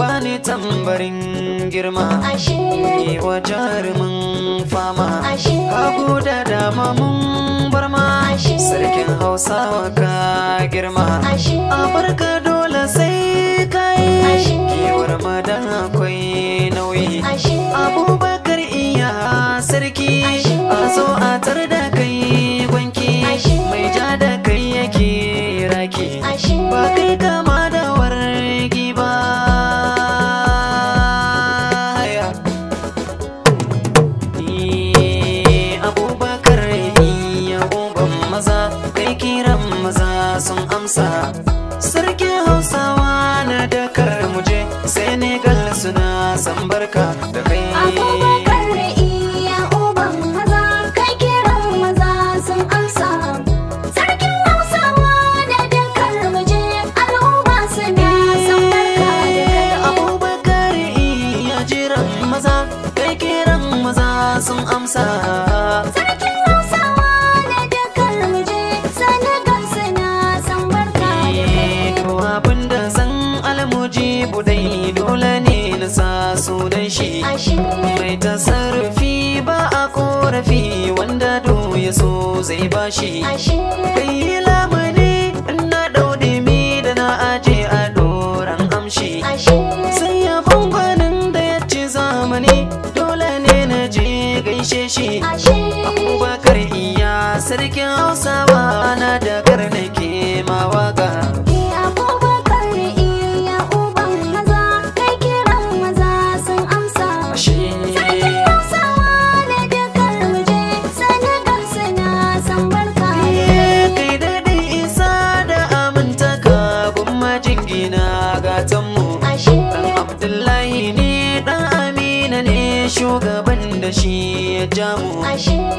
bani tambarin girma yi wa jarumin fama hagu da dama mun barma sarkin hausawa ka girma a barka dole sai kai kewar madan akwai nauyi abubakar iya sarki Sarkin Hausawa na dakar muje Senegal suna san barka da kai. Abubakar iya uban maza, kai kiran maza sun amsa. Sarkin Hausawa na dakar muje al'umma suna san barka da eh, kai. Abubakar iya jiran maza, kai kiran maza sun amsa. mai tasarrufi ba a korafi wanda do ya so zai bashi kai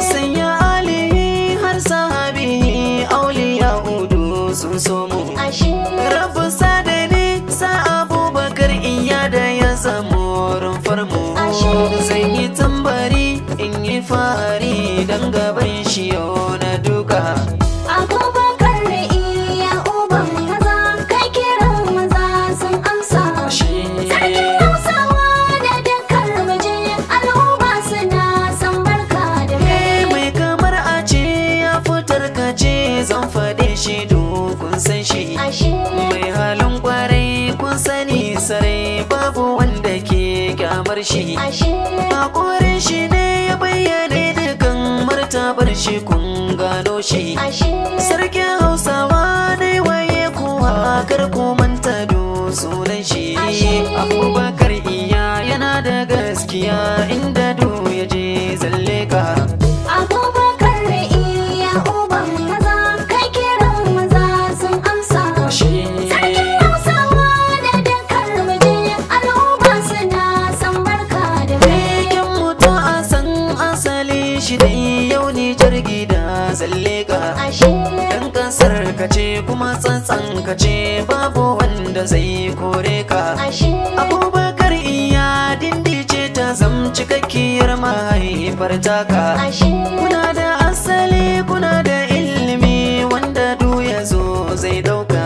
sanya alihi har sahabi auliya hudu sun so mu rabu sadari sa abubakar iya da ya zamo rumfar mu zan tambari in yi fari don gaban shi yau shi haƙorin shi ne ya bayyane dukan martabar shi kun gano shi sarkin hausawa ne waye kuwa kar ku manta sunan shi abubakar iya yana da gaskiya inda ka ce babu wanda zai kore ka abubakar iya dindice ta zam cikakkiyar mahaifar taka kuna da asali kuna da ilimi wanda du ya zo zai dauka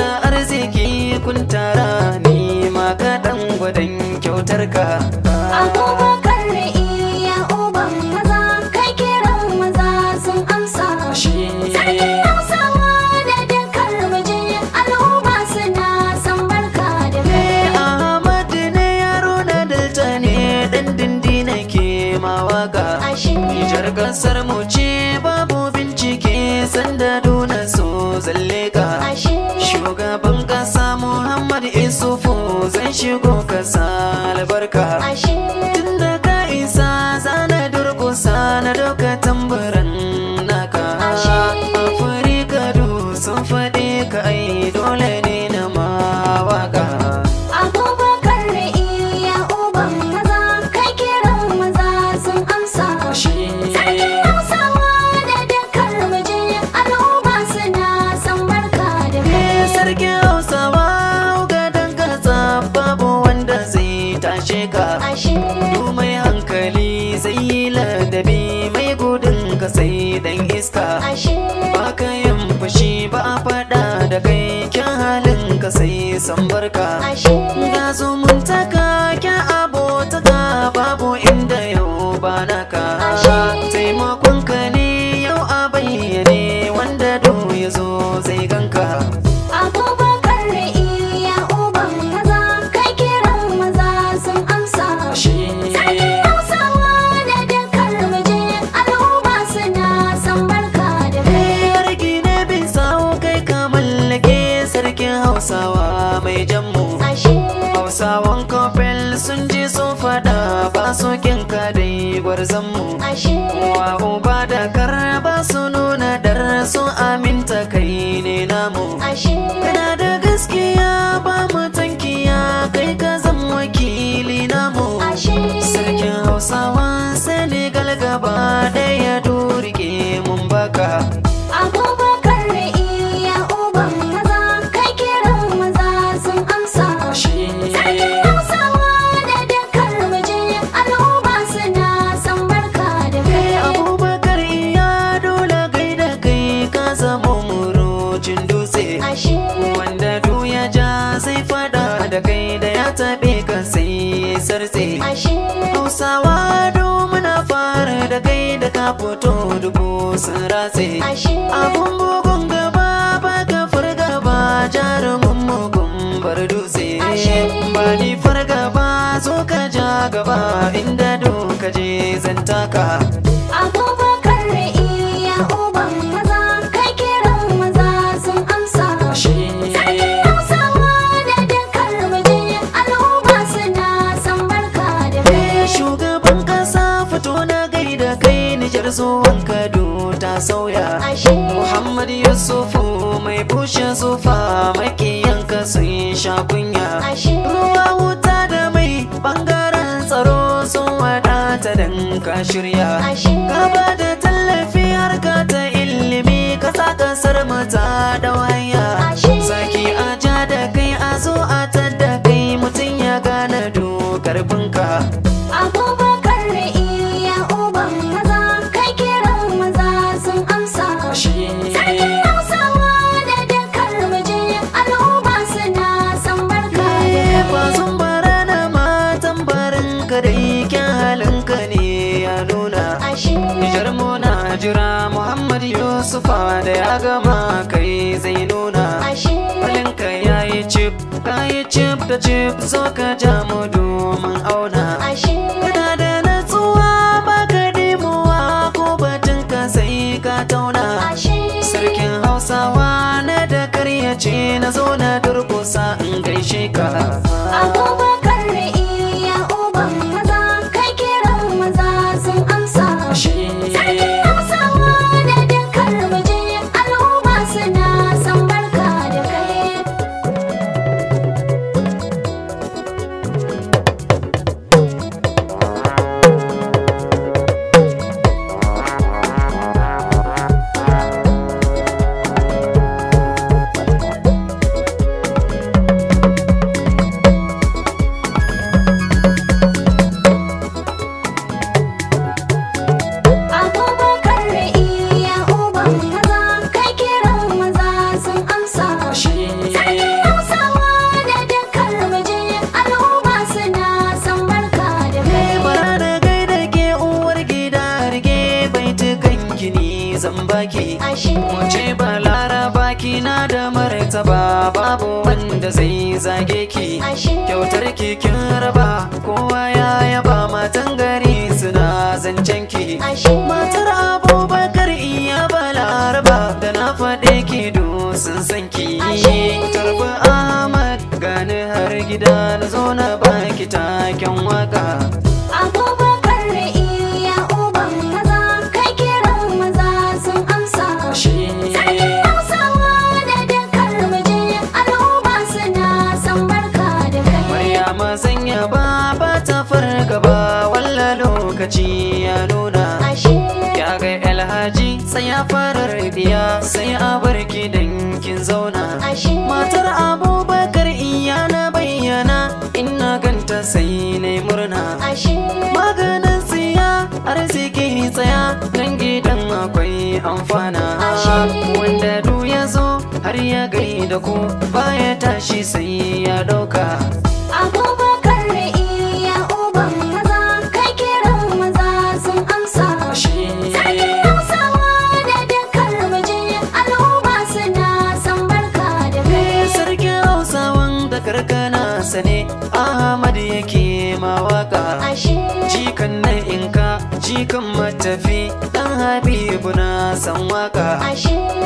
na arziki kun tara ni ma kaɗan gwadon kyautar ka ka iska ba ka yin fushi ba a faɗa da kai kyan halin ka sai san barka ga zo mun taka mazanmu wa uba da karaba su nuna dar su aminta kai ne namu kana da gaskiya ba mu tankiya kai ka zan wakili namu sarkin hausawa senegal gaba daya sarse Hausawa hausawa muna fara da kai da ka fito dubu sun ratse abun bugun gaba ba ka ba jarumin mugun bar dutse ba ni ba zo ka ja gaba inda ka je zan taka sha kunya ruwa wuta da mai bangaren tsaro sun wadata dan ka shirya gaba da tallafi harka ta ilimi kasa kasar mata da waya saki a ja da kai a zo a tadda kai mutum ya gane dokar binka gama kai zai nuna halinka ya yi cip ka yi cip da cip so ka ja mu domin auna kana da natsuwa ba ka dimuwa ko batun ka sai ka tauna sarkin hausawa na da karyace na zo na durkusa in gaishe ka babu wanda zai zage ki kyautar ki kin raba kowa ya yaba matan gari suna zancen ki matar abubakar iya balaraba da na faɗe ki dusun san ki tarbi ahmad gani har gida na zo na baki taken waka alhaji ya nuna ya ga alhaji sai ya fara rabiya sai a bar gidan kin zauna matar abubakar na bayyana ina ganta sai na murna maganin siya arziki tsaya nan gidan akwai amfana wanda du ya zo har ya gai da ku baya tashi sai ya dauka kan matafi dan habibu na san waka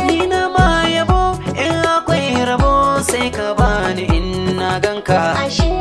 ni na ma yabo in akwai rabo sai ka bani in na ganka